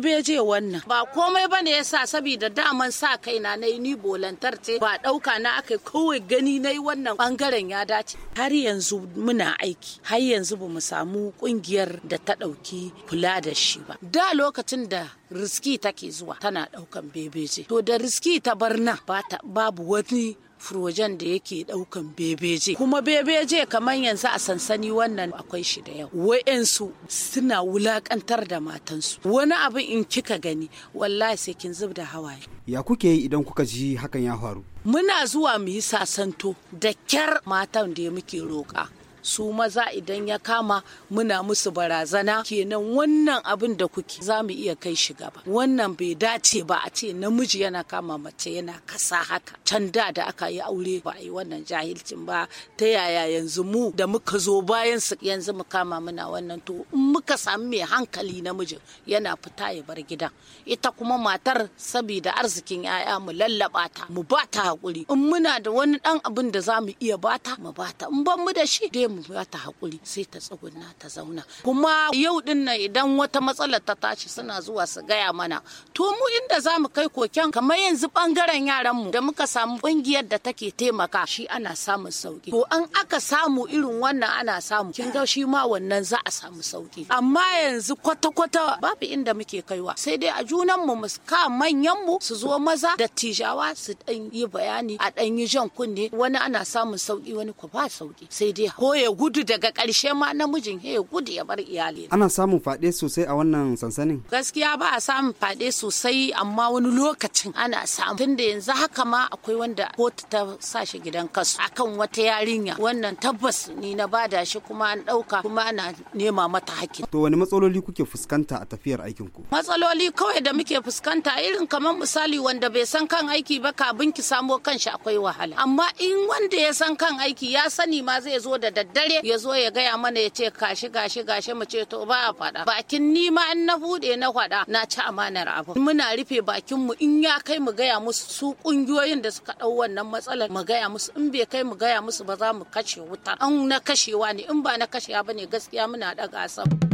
bebeje wannan ba komai bane sa saboda daman sa kai na ni bolantar ce ba dauka na aka kowai gani na wannan bangaren ya dace har yanzu muna aiki har yanzu bamu samu kungiyar da ta dauki kula da shi ba da lokacin da riski take zuwa tana daukan bebeje to da riski ta barna babu wani furojen da yake daukan bebeje kuma bebeje kamar yanzu a sansani wannan akwai shi da yau wa'ensu suna wulakantar da matansu wani abu in kika gani wallahi sai kin zub da hawaye ya kuke yi idan kuka ji hakan ya faru muna zuwa mu yi sasanto da kyar matan da muke roƙa su maza idan ya kama muna musu barazana kenan wannan abin da kuke za mu iya kai shi gaba wannan bai dace ba a ce namiji yana kama mace yana kasa haka can da da aka yi aure ba a yi wannan jahilcin ba ta yaya yanzu mu da muka zo bayan su yanzu mu kama muna wannan to in muka samu mai hankali namijin yana fita ya bar gidan ita kuma matar saboda arzikin 'ya'ya mu lallaba ta mu ba ta hakuri in muna da wani dan abin da za mu iya bata mu bata in ban mu da shi dai mu ba ta hakuri sai ta tsuguna ta zauna kuma yau din nan idan wata matsala ta tashi suna zuwa su gaya mana to mu inda za mu kai koken kamar yanzu bangaren yaran mu da muka samu kungiyar da take taimaka shi ana samun sauki to an aka samu irin wannan ana samu kin ga shi ma wannan za a samu sauki amma yanzu kwata kwata babu inda muke kaiwa sai dai a junan mu ka manyan mu su zo maza da tijawa su dan yi bayani a dan yi jan kunne wani ana samun sauki wani ku ba sauki sai dai koye ya gudu daga karshe ma namijin ya gudu ya bar iyali. Ana samun faɗe sosai a wannan sansanin? Gaskiya ba a samun faɗe sosai amma wani lokacin ana samu. Tunda yanzu haka ma akwai wanda kotu ta sa shi gidan kasu akan wata yarinya wannan tabbas ni na bada shi kuma an ɗauka kuma ana nema mata haƙƙi. To wani matsaloli kuke fuskanta a tafiyar aikin ku? Matsaloli kawai da muke fuskanta irin kamar misali wanda bai san kan aiki ba kabin ki samo kanshi akwai wahala. Amma in wanda ya san kan aiki ya sani ma zai zo da Dare ya zo ya gaya mana ya ce gashi gashi gashi mu ce to ba a faɗa bakin ni ma in na buɗe na faɗa na ci amanar abu muna rufe bakin mu in ya kai mu gaya musu su kungiyoyin da suka ɗau wannan matsalar mu gaya musu in bai kai mu gaya musu ba za mu kashe wuta an na kashewa ne in ba na kashewa bane gaskiya muna ɗaga sama.